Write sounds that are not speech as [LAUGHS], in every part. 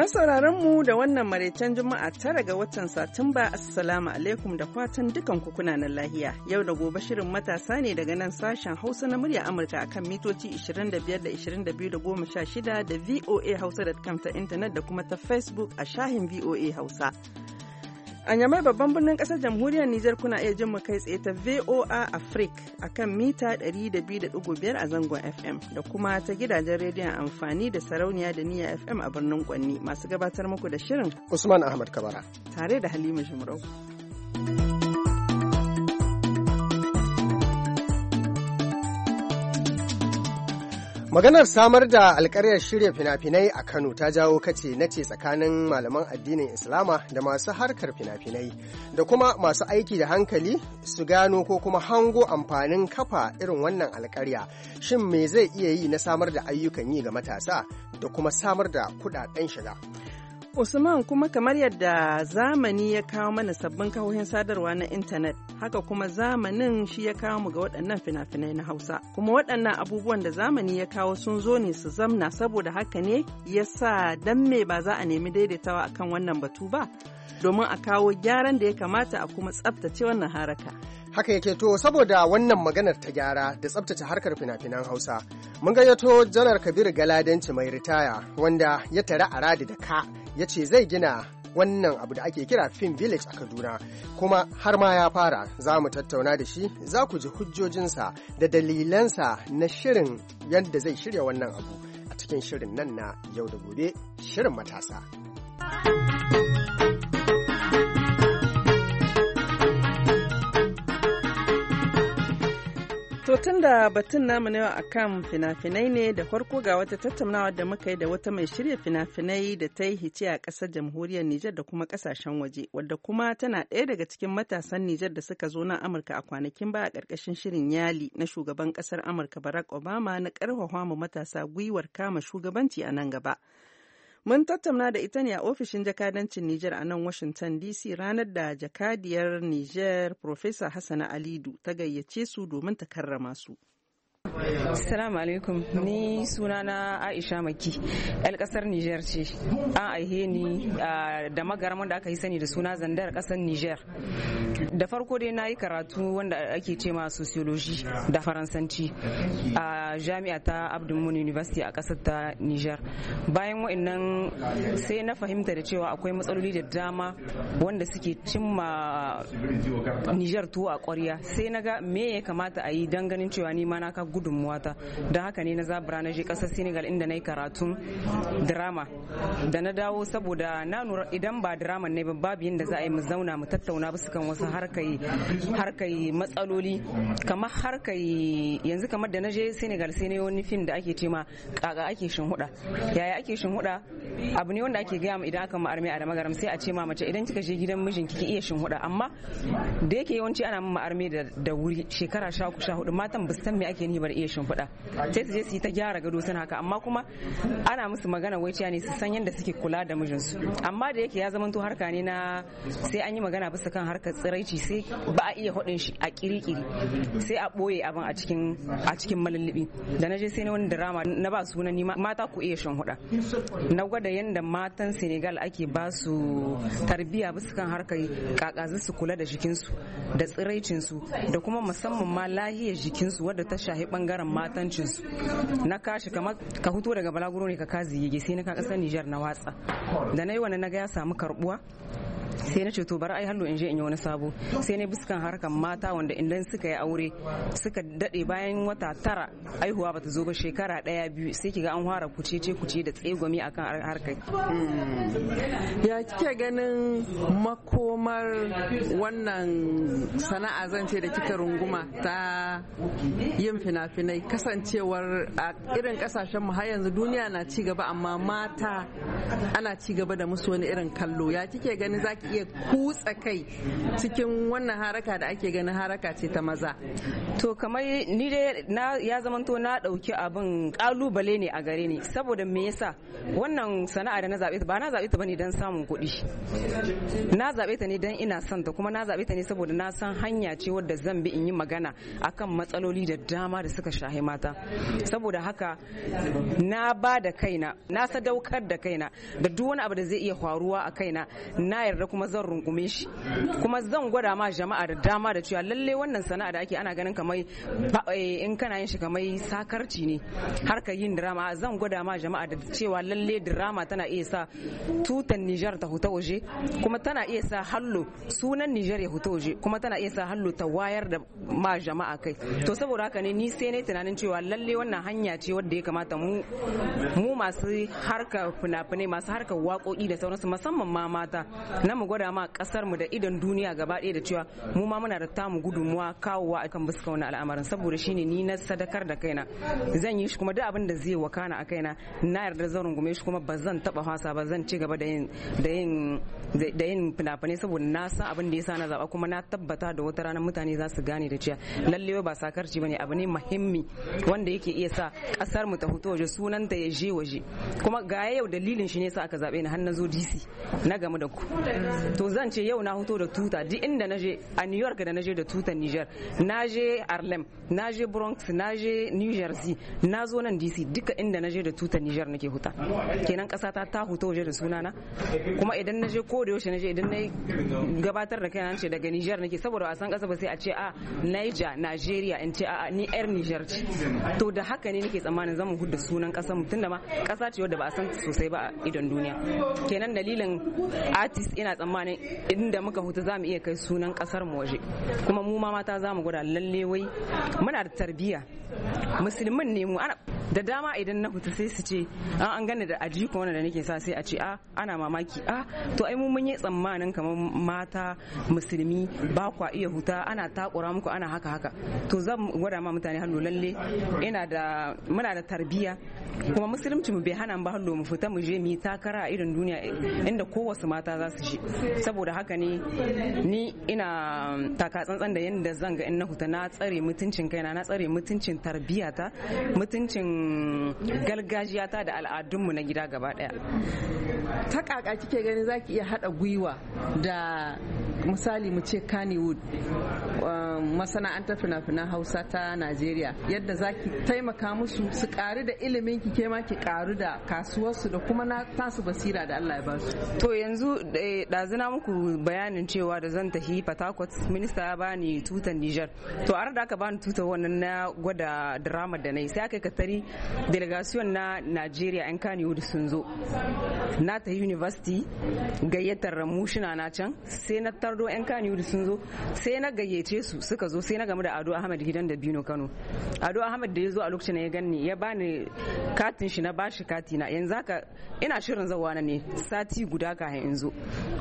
sauraron mu da wannan maraicen juma'a tara ga watan satumba assalamu alaikum da fatan dukan kuna na lahiya yau da gobe shirin matasa ne daga nan sashen hausa na murya amurka akan mitoci 25 da 22 da 16 da voa hausa.com ta intanet da kuma ta facebook a shahin voa hausa A Nyamai babban birnin kasar jamhuriyar Nijar kuna iya jin mu kai tsaye ta VOA Africa a kan mita 102.5 a zangon FM da kuma ta gidajen rediyon amfani da sarauniya da niyya FM a birnin Kwanni masu gabatar muku da shirin Usman Ahmad Kabara tare da Halima Jumrau. Maganar samar da alkaryar shirya fina-finai a Kano ta jawo kace nace tsakanin malaman addinin Islama da masu harkar fina-finai da kuma masu aiki da hankali su gano ko kuma hango amfanin kafa irin wannan alkarya. Shin me zai iya yi na samar da ayyukan yi ga matasa da kuma samar da kudaden shiga? Usman kuma kamar yadda zamani ya kawo mana sabbin kahohin sadarwa na intanet haka kuma zamanin shi ya kawo mu ga waɗannan fina-finai na Hausa. Kuma waɗannan abubuwan da zamani ya kawo sun zo ne su zamna saboda haka ne ya sa dan me ba za a nemi daidaitawa akan wannan batu ba. domin a kawo gyaran da ya kamata a kuma tsabtace wannan haraka. Haka yake to saboda wannan maganar ta gyara da tsabtace harkar fina-finan Hausa. Mun gayyato Janar Kabir Galadanci mai ritaya wanda ya tare a radi da ka ya ce zai gina wannan abu da ake kira Film Village a Kaduna kuma har ma ya fara za mu tattauna da shi za ku ji hujjojinsa da dalilansa na shirin yadda zai shirya wannan abu a cikin shirin nan na yau da gobe shirin matasa. tun da batun namu na yau akan fina-finai ne da farko ga wata tattaunawa da muka yi da wata mai shirya fina-finai da ta yi hice a ƙasar jamhuriyar Nijar da kuma ƙasashen waje, wadda kuma tana ɗaya daga cikin matasan Nijar da suka zo na Amurka a kwanakin baya a ƙarƙashin shirin Yali na shugaban ƙasar Amurka Barack Obama na ƙarfafa mu matasa gwiwar kama shugabanci a nan gaba. Mun tattauna da ita ne a ofishin jakadancin Nijar a nan Washington DC ranar da jakadiyar Nijar Profesa Hassana Alidu ta gayyace su domin ta karrama su. Assalamu alaikum ni sunana Aisha Maki yar kasar Niger ce an aihe ni da magaramar da aka yi sani da suna zandar kasar Niger da farko dai na yi karatu wanda ake ce ma sociology da faransanci a jami'a ta Abdulmun University a kasar ta Niger bayan wa'annan sai na fahimta da cewa akwai matsaloli da dama wanda suke cimma Niger tuwo a ƙwarya sai na ga me ya kamata a yi don ganin cewa ni ma na ka gudunmuwata don haka ne na zabura na je kasar senegal inda na yi karatun drama da na dawo saboda na nura idan ba drama ne ba babu yadda za a yi mu zauna mu tattauna bisa kan wasu harkai matsaloli kamar harkai yanzu kamar da na je senegal sai ne wani fim da ake ce kaga ake shinhuda yaya ake shinhuda abu ne wanda ake gaya mu idan aka ma armiya da magaram sai a ce ma mace idan kika je gidan mijin kike iya shinhuda amma da yake yawanci ana mu armiya da wuri shekara 14 matan ba san me ake ni bar iya shimfiɗa sai su je su yi ta gyara gado suna haka amma kuma ana musu magana waiciya ne su san yadda suke kula da mijinsu amma da yake ya zama to harka ne na sai an yi magana bisa kan harkar tsiraici sai ba a iya hudin shi a kirikiri sai a boye abin a cikin a cikin malallibi da na je sai na wani drama na ba suna ni mata ku iya shan na gwada yadda matan Senegal ake ba su tarbiya bisa kan harkar kakazu su kula da jikinsu da tsiraicinsu da kuma musamman ma lahiyar jikinsu wadda ta shahi bangaren matancin su na kashi kamar ka hutu daga balaguro ne ka kazi yage sai na ka kasar Nijar na watsa da na yi na ga ya samu karbuwa sai na ce to bari ai hallo in je in yi wani sabo sai na biskan harkan mata wanda idan suka yi aure suka dade bayan wata tara aihuwa bata zo ba shekara daya biyu sai kiga an fara kucece kuce da tsegwami akan harkan hmm. ya kike ganin makomar wannan sana'a zan ce da kika runguma ta yin fina-finai kasancewar a irin kasashen mu har yanzu duniya na ci gaba amma mata ana ci gaba da musu wani irin kallo ya kike ganin zaki Ya kutsa kai cikin wannan haraka da ake ganin haraka ce ta maza to kamar ni dai na ya zamanto na dauki abin kalubale ne a gare ni saboda me yasa wannan sana'a da na zabe ta ba na zabe ta bane dan samun kuɗi na zabe ta ne dan ina son ta kuma na zabe ta ne saboda na san hanya ce wadda zan bi in yi magana akan matsaloli da dama da suka shahi mata saboda haka na ba da kaina na sadaukar da kaina da duk wani abu da zai iya faruwa a kaina na yarda kuma zan rungume shi kuma zan gwada ma jama'a da dama da cewa lalle wannan sana'a da ake ana ganin kamar eh, in kana yin shi kamar sakarci ne ka yin drama zan gwada ma jama'a da cewa lalle drama tana iya sa tutan Nijar ta huta waje kuma tana iya sa hallo sunan Nijar ya huta waje kuma tana iya sa hallo ta wayar da ma jama'a kai to saboda haka ne ni sai ne tunanin cewa lalle wannan hanya ce wadda ya kamata mu mu masu harka fina-finai masu harka waƙoƙi da sauransu musamman ma mata na mu gwada ma kasar mu da idan duniya gaba ɗaya da cewa mu ma muna da tamu gudunmuwa kawowa a kan buska wani al'amarin saboda shine ni na sadakar da kaina zan yi shi kuma duk abin da zai wakana a kaina na yarda zan rungume shi kuma ba zan taba hasa ba zan ci gaba da yin da yin da yin fina-finai saboda na san abin da yasa na zaba kuma na tabbata da wata rana mutane za su gane da cewa lalle ba sakarci bane abu ne muhimmi wanda yake iya sa kasar mu ta fito waje sunan ta ya je waje kuma ga yau dalilin shi ne sa aka zabe ni har na zo DC na gamu da ku to zan ce yau na hoto da tuta duk inda na je a New York da na je da tutan Niger na je Harlem na je Bronx na je New Jersey na zo nan DC duka inda na je da tutan Niger nake huta kenan kasa ta ta huta waje da sunana kuma idan na je ko da yaushe na je idan na gabatar da kaina ce daga Niger nake saboda a san kasa ba sai a ce a ah, Niger Nigeria in ce a ni yar Niger ce to da haka ne nake tsammanin zamu hudda sunan kasa mutum da ma kasa ce wadda ba a san sosai ba a idon duniya kenan dalilin artist ina tsammanin inda muka huta za mu iya kai sunan kasar mu waje kuma mu ma mata za mu gwada lalle wai muna da tarbiyya musulmin ne mu da dama idan na huta sai su ce ah, an gane da aji ko wanda nake sa sai a ce a ah, ana mamaki a ah, to ai mu mun yi tsammanin kamar mata musulmi ba kwa iya huta ana takura muku ana haka haka to zan gwada ma mutane hannu lalle ina da muna da tarbiyya kuma musulunci mu bai hana ba hallo mu fita mu je mu yi takara a irin duniya inda kowace mata za su je. saboda haka ne ni ina um, taka tsantsan da yadda zan ga in na huta na tsare mutuncin kaina na tsare mutuncin tarbiyata mutuncin gargajiyata da al'adunmu na gida gaba daya ta kaka kike ganin zaki iya hada gwiwa da misali mu ce kannywood um, masana'antar fina-finan hausa ta najeriya yadda za ki taimaka musu su karu da ilimin ki ke ma ki karu da kasuwarsu da kuma na tasu basira da allah ya ba su to yanzu eh, zina muku bayanin cewa da zan tafi patakot minista ya bani tutan Nijar to a da aka bani tutan wannan na gwada drama da na yi sai aka yi katari delegation na najeriya yan kannywood sun zo na ta university gayyatar mushina na can sai na ardo yan kani sun zo sai na gayyace su suka zo sai na gamu da ado ahmad gidan da bino kano ado ahmad da ya zo a lokacin ya gani ya bani katin shi na bashi kati na yanzu haka ina shirin zawa na ne sati guda kafin in zo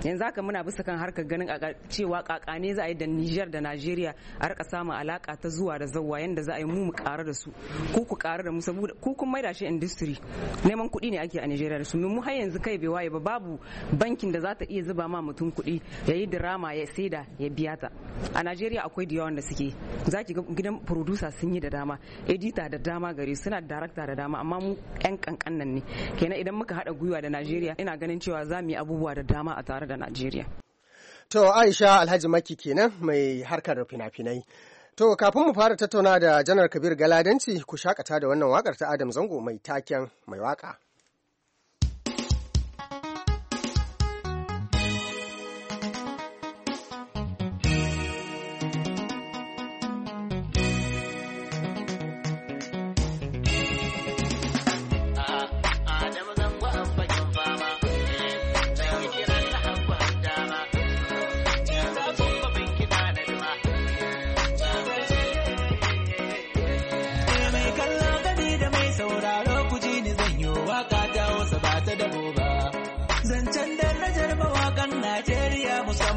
yanzu haka muna bisa kan harkar ganin a cewa kakane za a yi da Niger da Najeriya a rika samun alaka ta zuwa da zawa yanda za a yi mu mu ƙara da su ku ku ƙara da mu saboda ku kun maida shi industry neman kuɗi ne ake a Najeriya da su mu har yanzu kai bai waye ba babu bankin da za ta iya zuba ma mutum kuɗi yayi drama ma ya saida ya biya ta a najeriya akwai da yawan da suke za ki ga gidan producer sun yi da dama edita da dama gari suna da darakta da dama amma mu yan kankan nan ne kenan idan muka haɗa gwiwa da najeriya ina ganin cewa za mu yi abubuwa da dama a tare da najeriya to aisha alhaji maki kenan mai harkar fina-finai To kafin mu fara tattauna da janar Kabir Galadanci ku shakata da wannan wakar ta Adam Zango mai taken mai waka.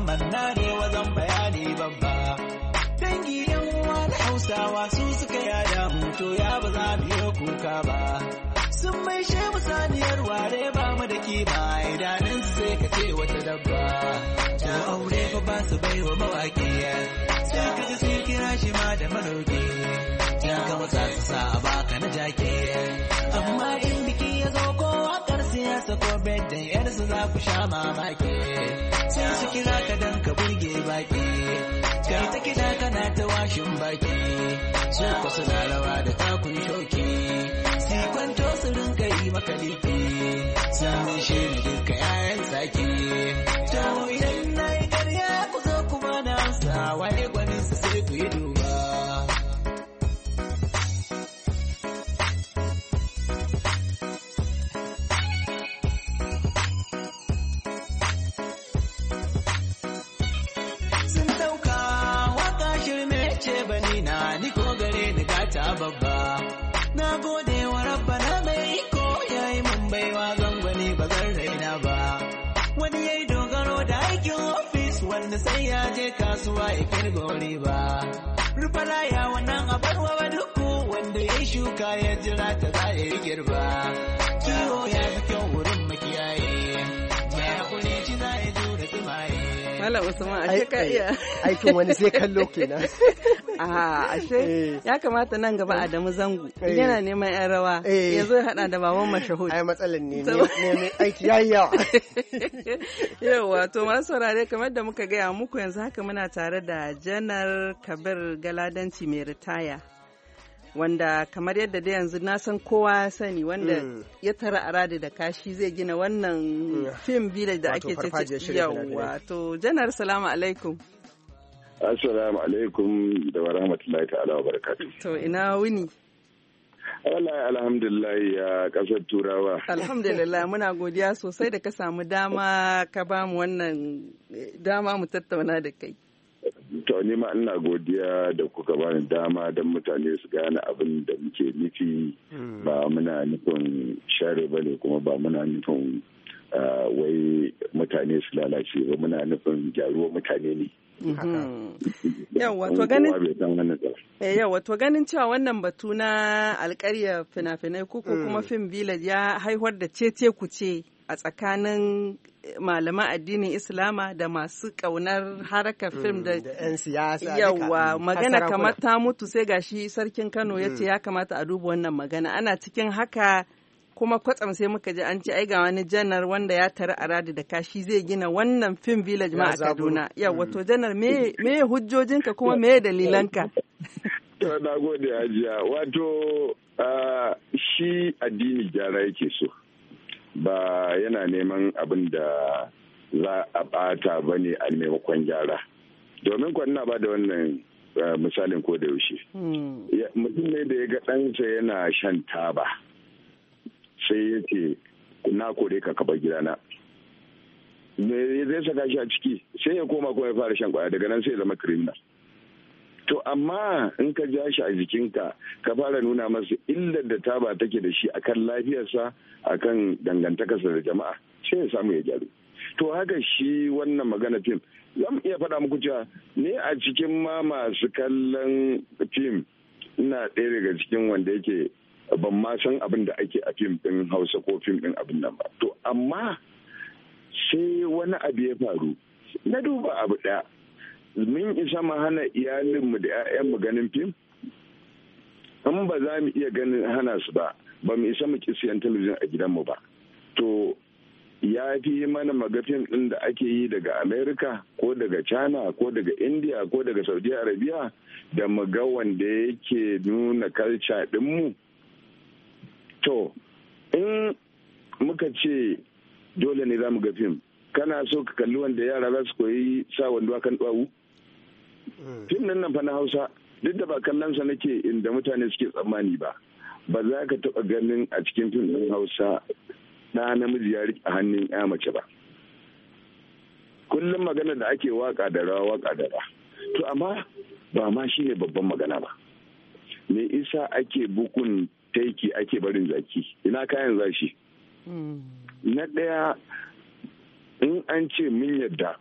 manna ne wazan bayani babba dangi yan uwa da hausawa su suka yada hoto ya ba za mu yi kuka ba sun mai she mu saniyar ware ba mu da kima idanun sai ka ce wata dabba Ta aure fa ba su bai wa mawaƙi sai ka ji sun kira shi ma da maroƙi ya kama za su sa a baka na jake amma in biki ya zo ko wakar siyasa ko bedda za ku sha mamaki sai su za ka danka burge baki kai ta kiɗa kana ta washin baki su ku su rawa da takun shoki sai kwanto su rinka yi maka liki samun shi duka 'ya'yan saki sai ya je kasuwa ya kirgo riba rufara ya wannan abarwa wa duku wanda ya shuka ya jira ta za ya girba kiwo ya fi kyau Mala Usman ashe ka iya. Aikin wani sai kallo kenan. [LAUGHS] A ashe eh. ya kamata nan gaba Adamu zangu eh. yana neman yan rawa eh. ya zo hada da baban mashahud. Ai matsalan ne ne aiki yayi yawa. [LAUGHS] Yawa to masu saurare kamar da muka gaya muku yanzu haka muna tare da Janar Kabir Galadanci mai ritaya wanda kamar yadda da yanzu na san kowa sani wanda mm. ya tara arada da kashi zai gina wannan mm. fim village da ake ce yawwa to janar salamu alaikum assalamu alaikum da wa rahmatullahi ta'ala wa barakatuh to ina wuni Wallahi alhamdulillah ya kasar turawa. Alhamdulillah [LAUGHS] muna godiya sosai da ka samu dama ka bamu wannan dama mu tattauna da kai. To ni ma ina godiya da kuka bani dama don mutane su gane abin da muke nufi hmm. ba muna nufin share bane kuma ba muna nufin ah, wai mutane su lalace ba muna nufin gyaruwa mutane ne. Hmm. Yawwa eh, to ganin cewa wannan batu na alkarya fina-finai kuku kuma hmm. fim village ya haihuwar da ce ku ce a tsakanin malaman addinin islama da masu kaunar harakar mm. fim da yan siyasa yawa mm. magana kamar ta mutu sai gashi sarkin kano ya ce mm. ya kamata a duba wannan magana ana cikin haka kuma kwatsam sai muka ji an ce ai ga wani janar wanda ya tara aradi da kashi zai gina wannan fim village ma a kaduna yawa to janar me hujjojinka kuma me dalilanka [LAUGHS] to na gode hajiya wato ah, shi addini gyara yake so ba yana neman abin da za a bata ba ne a maimakon gyara domin kwanna ba da wannan eh, misalin ko da yaushe hmm. mutum ne da ya ga ɗansa yana shan taba sai ya ce na kore ka kaba gidana zai saka shi a ciki sai ya koma kuma ya fara shan kwaya daga nan sai ya zama criminal To amma in ka ja shi a jikinka ka fara nuna masa illar da taba take da shi akan lafiyarsa akan dangantakarsa da jama'a sai ya samu ya gyaru. To haka shi wannan magana fim zan iya faɗa muku cewa ne a cikin ma masu kallon fim ina ɗaya daga cikin wanda yake ban ma san abin da ake a fim ɗin hausa ko fim ɗin abin nan ba. To amma sai wani abu ya faru na duba abu ɗaya mun isa mu hana iyalinmu da 'ya'yanmu ganin fim in ba za mu iya ganin hana su ba ba mu isa mu ki siyan talabijin a gidanmu ba to ya fi mana magafin ɗin da ake yi daga amerika ko daga china ko daga india ko daga saudi arabia da ga wanda yake nuna kalca ɗinmu to in muka ce dole ne za mu ga fim kana so ka kalli wanda yara za su koyi sa wanda kan ɗawu fim mm. nan nan fa na hausa duk da ba kallon sa nake inda mutane suke tsammani ba ba za ka taɓa ganin a cikin fim ɗin hausa na namiji ya riƙe hannun ya mace ba kullum magana da ake waka da rawa waka da rawa to amma ba ma shi ne babban magana ba me isa ake bukun taiki ake barin zaki ina kayan zashi mm. na ɗaya in an ce mun yadda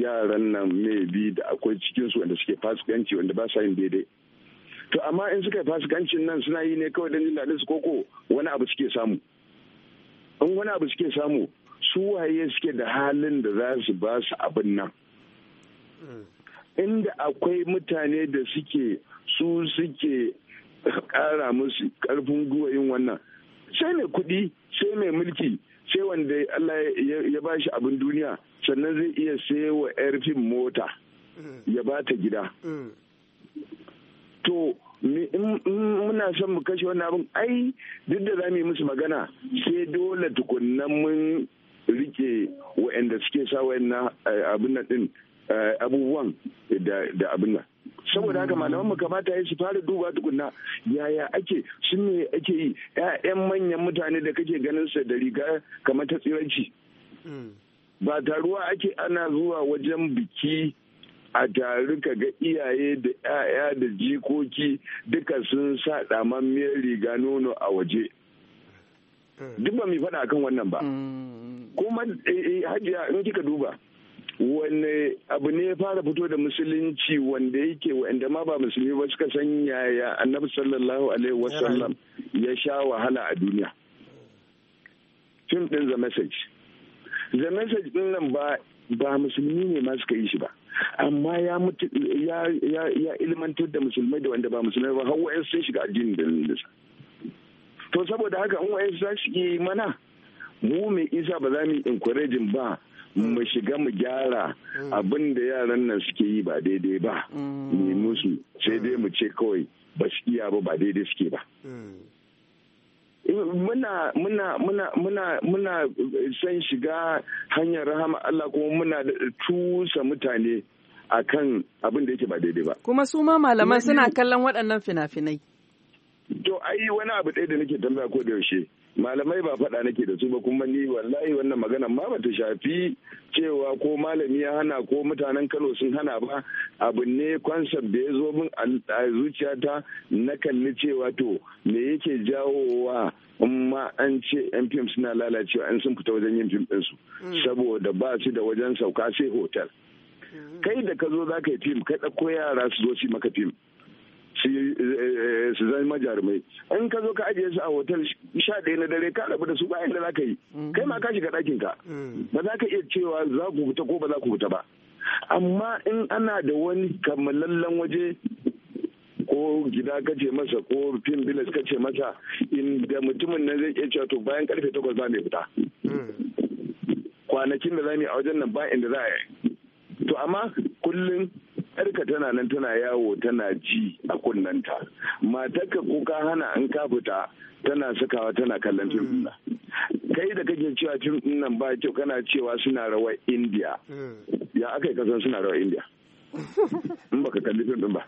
yaran nan maybe da akwai cikinsu wanda suke fasikanci wanda ba sa yin daidai to amma in suka yi fasikancin nan suna yi ne kawai don jin daɗin su koko wani abu suke samu in wani abu suke samu su waye suke da halin da za su ba su abin nan inda akwai mutane da suke su suke ƙara musu ƙarfin yin wannan sai mai kuɗi sai mai mulki sai wanda Allah ya ba shi abin duniya sannan zai iya sayo yar fin mota ya ba ta gida to muna son mu kashe wannan abin ai duk da za mu yi musu magana sai dole tukunan mun rike wa'anda suke sa wa'annan eh, abin din eh, abubuwan da abin nan saboda haka malaman kamata ya su fara duba tukunna yaya ake sun ne ake yi 'ya'yan manyan mutane da kake ganin sa da riga kamar ta tsiranci ba taruwa ake ana zuwa wajen biki a taru ka ga iyaye da 'ya'ya da jikoki duka sun sa damammiyar riga nono a waje eh. duk ba mai faɗa kan wannan ba mm. kuma eh, eh, hajiya in kika duba wanne abu ne ya fara fito da musulunci wanda yake wanda ma ba musulmi ba suka san yaya annabi sallallahu alaihi wasallam ya sha wahala a duniya fim din the message the message din nan ba ba musulmi ne ma suka yi shi ba amma ya mutu ya ya ya ilmantar da musulmai da wanda ba musulmai ba har wa'ansu sun shiga addinin da nisa to saboda haka in wa'ansu za su yi mana mu mai isa ba za mu encouraging ba mu shiga mu gyara abin da yaran nan suke yi ba daidai ba ni mm. musu sai dai mu ce kawai ba su iya ba ba daidai suke ba mm. muna muna muna muna muna son shiga hanyar rahama Allah kuma muna tusa mutane akan abin da yake ba daidai ba kuma su ma malaman suna kallon waɗannan fina-finai to ai wani abu ɗaya da nake tambaya ko da yaushe malamai ba faɗa nake da su ba kuma ni wallahi wannan magana ma bata shafi cewa ko malami ya hana ko mutanen kano sun hana ba abu ne concept da ya zo min a zuciyata na kalli cewa to me yake jawowa wa ma an ce yan fim suna lalacewa an sun fita wajen yin fim ɗinsu mm. saboda ba su da wajen sauka sai hotel mm. kai da ka zo za ka yi fim ka ɗauko yara su zo su maka fim Eh, su zama jarumai in ka zo ka ajiye su a hotel sha ɗaya na dare ka rabu da su bayan da za ka yi mm. kai ma ka shiga ɗakin ka mm. ba za ka iya cewa za ku fita ko ba za ku fita ba amma in ana da wani kammalallen waje ko gida ka ce masa ko fim bilis ka ce masa inda mutumin nan zai iya cewa to bayan karfe takwas za mu fita mm. kwanakin da za mu yi a wajen nan ba inda za a yi to amma kullum yarka tana nan tana yawo tana ji a kunnanta matarka ko ka hana an ka fita tana sakawa tana kallon fim na kai da kake cewa fim nan ba kyau kana cewa suna rawar indiya hmm. ya aka yi kasan suna rawar indiya [LAUGHS] in baka kalli fim din ba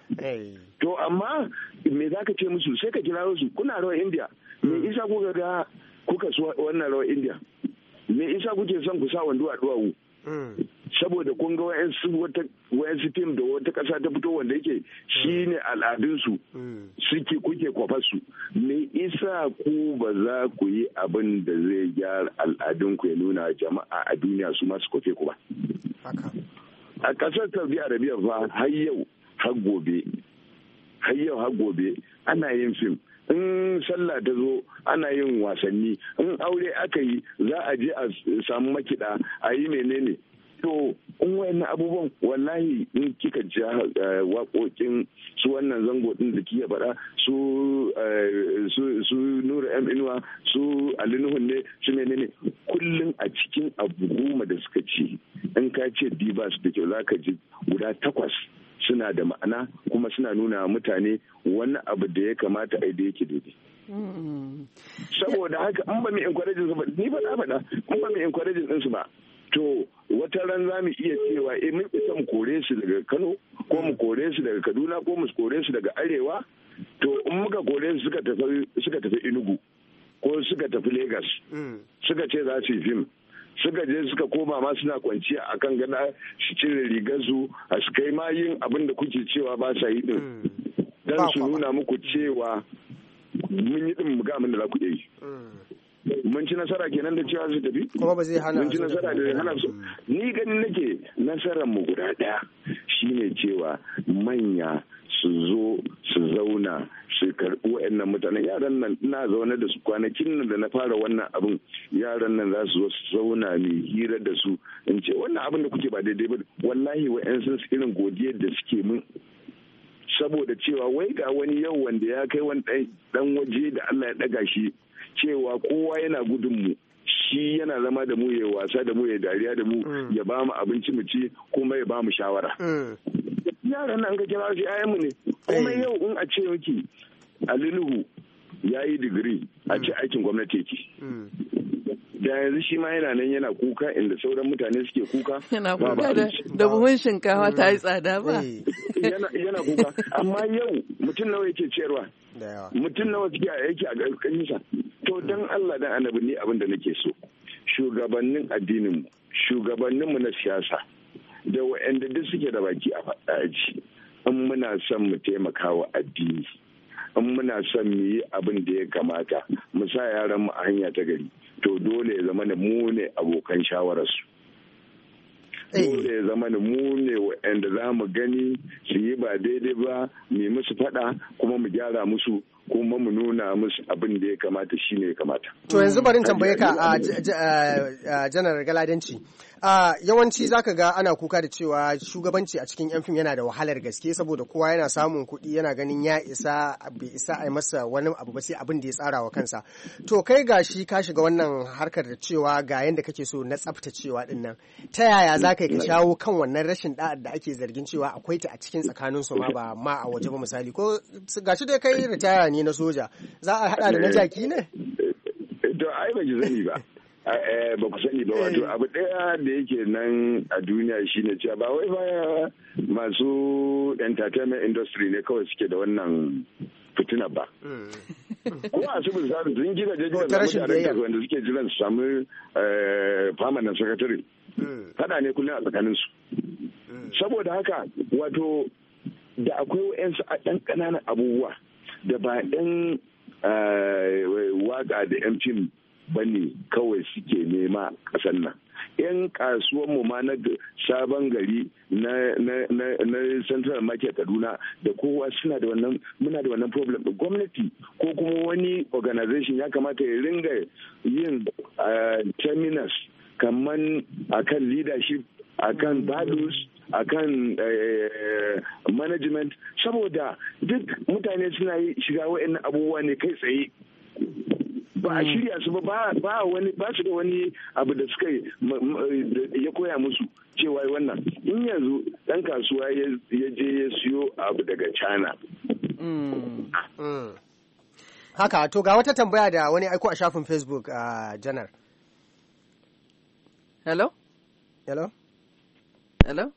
to amma me za ka ce musu sai ka kira su kuna rawar indiya me hmm. isa kuka ga kuka su wannan rawar indiya me isa kuke son ku sa wando a duwawu hmm. saboda kun ga wayansu fim da wata ƙasa ta fito wanda yake shi ne al'adunsu suke kuke kwafarsu me isa ku ba za ku yi abin da zai gyara al'adunku ya nuna jama'a a duniya su masu kwafe ku ba a ƙasar saudi arabia fa har yau har gobe har yau har gobe ana yin fim in sallah ta zo ana yin wasanni in aure aka yi za a je a samu makiɗa a yi menene to in wayannan abubuwan wallahi in kika ja eh, waƙoƙin su wannan zango din da kiya faɗa eh, su su nura yan inuwa su alinuhun ne su menene kullum a cikin abu goma da suka ce in ka ce divas da kyau za ka ji guda takwas suna da ma'ana kuma suna nuna mutane wani abu da ya kamata a da yake daidai mm-hmm. saboda haka in ba mai encouraging su ba ni ba na faɗa in ba mai encouraging din su ba to wata ran za mu iya cewa eh mun isa mu kore su daga Kano ko mu kore su daga Kaduna ko mu kore su daga Arewa to in muka kore su suka tafi suka tafi Enugu ko suka tafi Lagos hmm. suka ce za su yi fim suka je suka koma ma suna kwanciya akan gada su cire rigar a su kai ma yin abin da kuke cewa ba sa yi din hmm. dan su nuna muku cewa mun yi din mu ga mun da za ku yi hmm. mun ci nasara kenan da cewa su tafi kuma ba zai hana mun ci nasara da hana su ni gani nake nasarar mu guda daya shine cewa manya su zo su zauna su karɓi waɗannan mutanen yaran nan ina zaune da su kwanakin nan da na fara wannan abin yaran nan za su zo su zauna mai hira da su in ce wannan abin da kuke ba daidai ba wallahi wa'yan sun irin godiyar da suke mun saboda cewa wai ga wani yau wanda ya kai wani dan waje da Allah ya daga shi cewa kowa yana gudun mu shi yana zama da mu ya wasa da mu ya dariya da mu mm. ya ba mu abinci mu ci kuma ya ba mu shawara mm. yaran nan ga kira shi ayyamu ne kuma eh. yau in a ce yake alinuhu ya yi digiri a ce mm. aikin gwamnati yake da yanzu shi ma yana nan yana kuka inda sauran mutane suke kuka [LAUGHS] yana kuka da buhun shinkawa ta yi tsada ba eh. yana kuka amma yau mutum nawa yake ciyarwa mutum nawa suke aiki a ƙarƙashin to don Allah dan annabi ni abin da nake so shugabannin addinin mu shugabannin mu na siyasa da wa'anda duk suke da baki a faɗaji in muna son mu taimaka wa addini in muna son mu yi abin da ya kamata mu sa yaran mu a hanya ta gari to dole ya zama mu ne abokan shawararsu eh. dole ya zama mu ne wa'anda za mu gani su yi ba daidai ba mu musu faɗa kuma mu gyara musu kuma mu nuna musu abin da ya kamata shi ne ya kamata. To yanzu barin tambaye ka a eh, eh, janar galadanci Uh, yawanci ka ga ana kuka da cewa shugabanci a cikin yan fim yana da wahalar gaske saboda kowa yana samun kuɗi yana ganin ya isa bai isa a masa wani abu ba sai abin da ya tsara wa kansa to kai ga shi ka shiga wannan harkar da cewa ga yadda kake so na tsaftacewa din nan ta yaya za ka yi ka shawo kan wannan rashin da'ar da ake zargin cewa akwai ta a cikin tsakanin su ma ba ma a waje ba misali ko gashi dai kai ritaya ne na soja za a hada da na jaki ne Eh, ba ku sani ba wato eh. abu daya da yake nan a duniya shine cewa ba wai baya masu entertainment industry ne kawai suke da wannan fitina ba. Hmm. kuma a asibin zaru sun gina jirgin da mutane wanda suke jiran su samu eh, permanent secretary. Hada hmm. ne kullum a tsakaninsu. Hmm. Saboda haka wato da akwai wa'yansu a ɗan ƙananan abubuwa da ba ɗan waka da 'yan fim bane kawai suke nema kasan nan yan kasuwanmu ma na sabon gari na central market kaduna da kowa suna da wannan muna da wannan problem gwamnati ko kuma wani organization ya kamata ya ringa yin eh, terminus kamar akan leadership akan mm. values akan eh, management saboda duk mutane suna shiga wa'in abubuwa ne kai tsaye ba a mm. shirya su ba ba wani ba su da wani abu da suka eh, ya koya musu cewa wannan in yanzu dan kasuwa ya je ya siyo abu daga China mm. Mm. haka to ga wata tambaya da wani aiko a shafin Facebook a uh, janar hello hello hello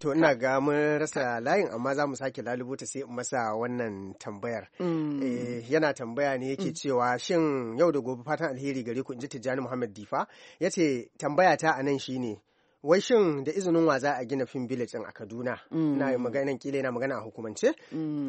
To ina ga mun rasa layin amma za mu sake lalubuta sai in masa wannan tambayar. Mm. Eh, yana tambaya ne yake mm. cewa shin yau da gobe fatan alheri gare ku in ji Tijjani Muhammad Difa ya ce tambaya ta a nan shine wai shin da izinin wa za a gina fim village a Kaduna mm. na magana kila yana magana a hukumance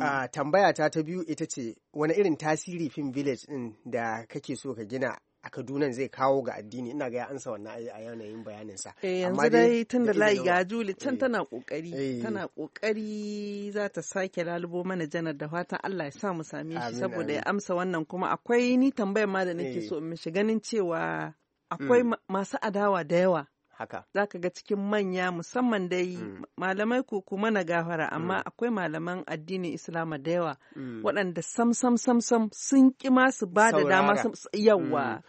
ah, tambaya ta ta biyu ita ce wani irin tasiri fim village din da kake so ka gina a Kaduna zai kawo ga addini ina ga ya ansa wannan a yanayin bayanin bayaninsa. Eh, yanzu dai tun da layi ga Juli can eh. tana kokari eh. tana kokari za ta sake lalubo mana janar da fatan Allah ya sa mu same shi saboda ya amsa wannan kuma akwai ni tambayar ma da nake so in mishi ganin cewa hmm. akwai masu adawa da yawa haka za ka ga cikin manya musamman dai mm. malamai ko kuma na gafara amma mm. akwai malaman addinin islama da yawa mm. waɗanda sam sam sam sam sun ki ma su ba da dama yawa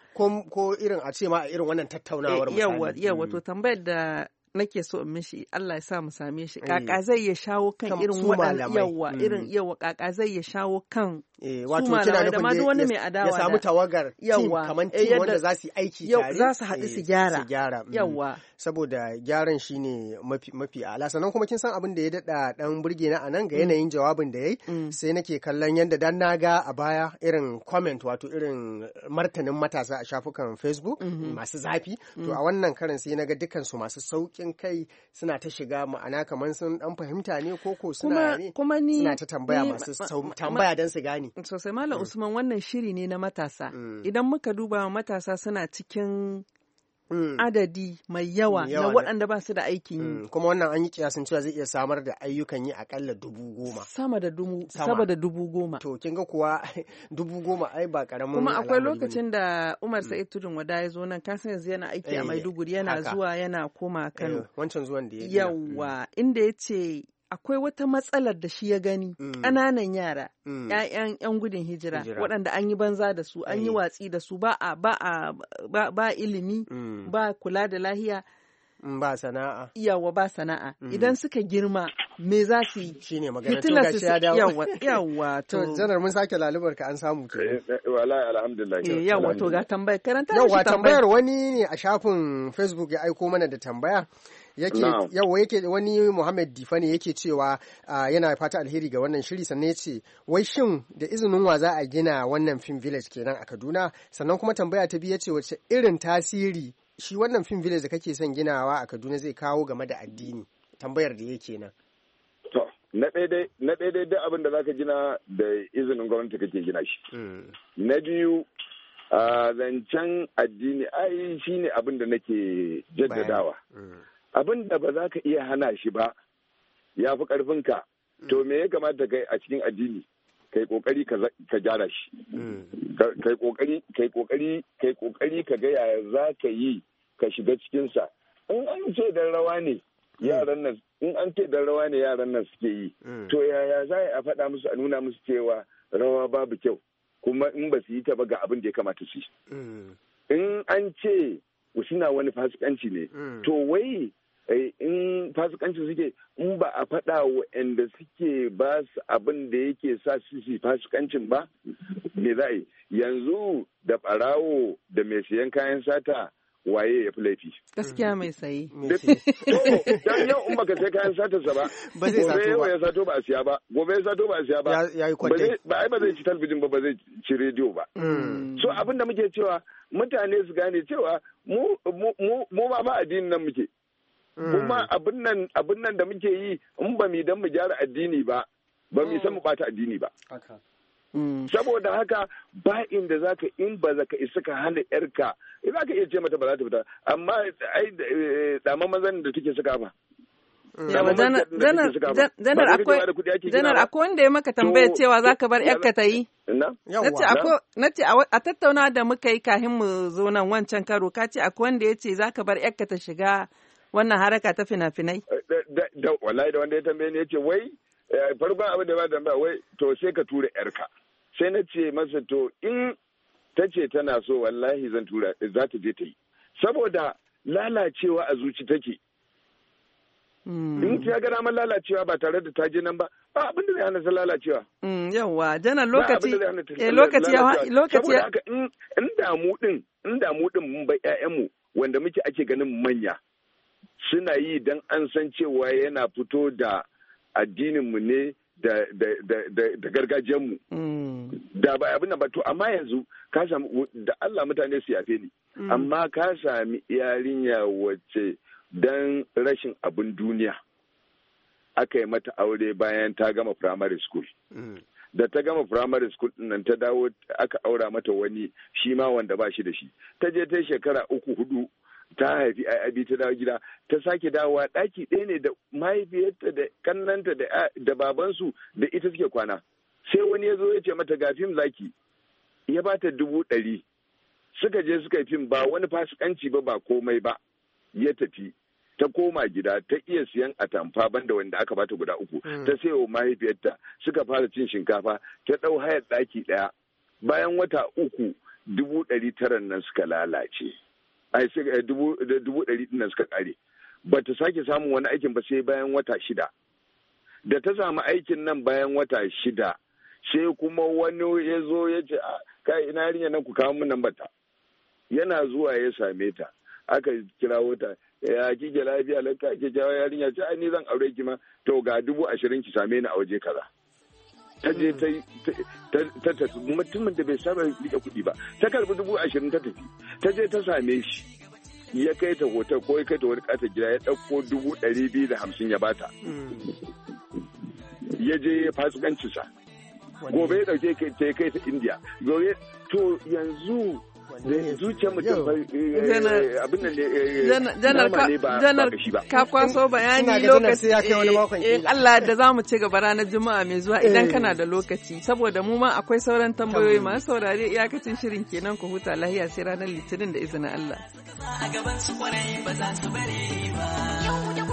ko irin a ce ma irin wannan tattaunawar eh, yawa yawa to tambayar da nake so in mishi Allah ya sa mu same shi kaka zai ya shawo kan irin waɗannan yawa mm. irin yawa kaka zai ya shawo kan eh, wato kina nufin da wani mai adawa ya samu tawagar yawa kaman eh, team wanda za su aiki tare za su haɗu eh, su gyara yawa mm. saboda gyaran shine mafi mafi ala sannan kuma kin san abin da ya dada dan burge na anan ga mm. yanayin jawabin da yayi sai nake kallon yanda dan naga a baya irin comment wato irin martanin matasa a shafukan Facebook mm-hmm. masu zafi to a wannan karin sai naga ga su masu saukin haɗin kai suna ta shiga ma'ana kamar sun dan fahimta ne ko ko suna ne kuma ni suna ta tambaya masu tambaya don su gane sosai malam mm. usman wannan shiri ne na matasa mm. idan muka duba matasa suna cikin Mm. adadi mai yawa na waɗanda ba su da aikin yi. Mm. Kuma wannan an yi kiyasin cewa zai iya samar da ayyukan yi akalla dubu goma. Sama da dubu, sama da dubu goma. To kin ga kuwa [LAUGHS] dubu goma ai ba karamin Kuma akwai lokacin da Umar mm. Sa'id Tudun Wada ya zo nan kasan yanzu yana aiki a eh, Maiduguri yana zuwa yana koma Kano. Eh, wancan zuwan da ya Yawa, inda ya ce akwai wata matsalar da shi ya gani mm. ƙananan yara mm. ƴaƴan ƴan gudun hijira waɗanda an yi banza da su an yi watsi da su ba a ba a ba ilimi mm. ba kula da lahiya ba sana'a yawa ba sana'a idan suka girma me za su yi shine magana to gashi ya dawo yawa [LAUGHS] to janar mun sake lalubar ka an samu ke eh, eh, wallahi alhamdulillah eh, yawa to ga tambayar karanta yawa tambayar wani ne a shafin facebook ya aiko mana da tambaya yake yawa yake wani Muhammad ne yake cewa ah, yana fata alheri ga wannan shiri sannan yace wai shin da izinin wa za a gina wannan film village kenan a Kaduna sannan kuma tambaya ta biyu ce wace irin tasiri shi wannan film village da kake son ginawa a Kaduna zai kawo game da addini tambayar da yake nan to na ɗaya dai duk abin da zaka gina da izinin gwamnati kake gina shi hmm. na biyu ah, zancen addini ai shine abin da nake jaddadawa abin da ba za ka iya hana shi ba ya fi ƙarfinka to mm. me ya kamata kai a cikin addini kai kokari ka gyara shi mm. kai kokari kai kokari kai kokari ka ga yaya za ka yi ka shiga cikin sa in an ce dan rawa ne mm. yaran nan in an ce dan rawa ne yaran nan suke yi to yaya za a faɗa musu a nuna musu cewa rawa babu kyau kuma in ba su yi ta ba ga abin da ya kamata su yi in an ce suna wani fasikanci ne to wai Eh, in fasikanci suke in ba a faɗa wa'anda suke ba su abin da yake sa su fasikancin ba me za yi yanzu da ɓarawo da mai siyan kayan sata waye ya fi laifi. Gaskiya mai sayi. [LAUGHS] Oh, Don yau in baka sai kayan sata sa Ba gobe yau Gobe ya sato ba a siya ba. Gobe ya sato ba a siya ba. Ya yi Ba ai ba zai ci talbijin ba ba zai ci rediyo ba. Mm. So abin da muke cewa mutane su gane cewa mu ba ma addinin nan muke. kuma mm. abin nan abin nan da muke yi in ba mu dan mu gyara addini ba ba mu san mu bata mm. addini ba mm. saboda haka ba inda zaka in ba zaka isa ka hana yarka za ka iya ce mata ba za ta fita amma ai eh, dama mazan da take suka ba janar akwai wanda ya maka tambaya cewa za ka bar yarka ta yi na ce a tattauna da muka yi kahin mu zo nan wancan karo ka ce akwai wanda ya ce za ka bar yarka ta shiga wannan haraka ta fina-finai? Eh, wallahi da wanda ya tambaye ni yace wai farkon eh, abin da ba tambaya wai to sai ka tura yarka. Sai na ce masa to in ta ce tana so wallahi zan tura eh, za ta je ta yi. Saboda lalacewa a zuci take. Hmm. In ta ga ramar lalacewa ba tare da ta je nan ba, ba abin da zai hana ta lalacewa. Hmm, Yawwa, jana lokaci lokaci ya lokaci Saboda haka in damu din, in damu din mun bai 'ya'yanmu wanda muke ake ganin manya. suna yi don an san cewa yana fito da addininmu ne da gargajiyanmu. Mm. Da ba abin ba to amma yanzu ka sami da Allah mutane su yafe ni. Mm. Amma ka sami yarinya wacce don rashin abin duniya aka yi mata aure bayan ta gama primary school. Mm. da ta gama primary school nan ta dawo aka aura mata wani shi ma wanda ba shi da shi ta je ta shekara uku hudu ta haifi abi ta dawo gida ta sake dawowa daki ɗaya ne da mahaifiyarta da kannanta da babansu da ita suke kwana sai wani ya zo ya ce mata ga fim zaki ya ba ta dubu ɗari suka je suka yi fim ba wani fasikanci ba ba komai ba ya tafi ta koma gida ta iya siyan atamfa banda wanda aka bata guda uku mm. ta sai wa mahaifiyarta suka fara cin shinkafa ta ɗau hayar ɗaki ɗaya bayan wata uku dubu ɗari tara nan suka lalace. Eh, dubu ɗari ɗin suka kare ba sake samun wani aikin ba sai bayan wata shida da ta samu aikin nan bayan wata shida sai kuma wani ya zo ya ce ah, kai ina yarinya nan ku kawo min nan bata yana zuwa ya same ta aka kira wata ya kike lafiya lafiya ke jawo yarinya ce ai ni zan aure ki ma to ga dubu ashirin ki same ni a waje kaza ta je ta tafi mutumin da bai saba rike kuɗi ba ta karbi dubu ashirin ta tafi ta je ta same shi ya kai ta hotel ko ya kai ta wani ƙaton gida ya ɗauko dubu ɗari biyu da hamsin ya bata ya je ya fasikancinsa gobe ya ɗauke ta ya kai ta indiya gobe to yanzu zuciyar mutum eh, eh, abin nan ne eh, janar ka kwaso bayani lokaci Allah da za mu ci gaba ranar juma'a mai zuwa idan kana da lokaci saboda mu ma akwai sauran tambayoyi masu saurare iyakacin shirin kenan ku huta lahiya sai ranar litinin da izinin Allah a gaban su kwarai ba za su bare ba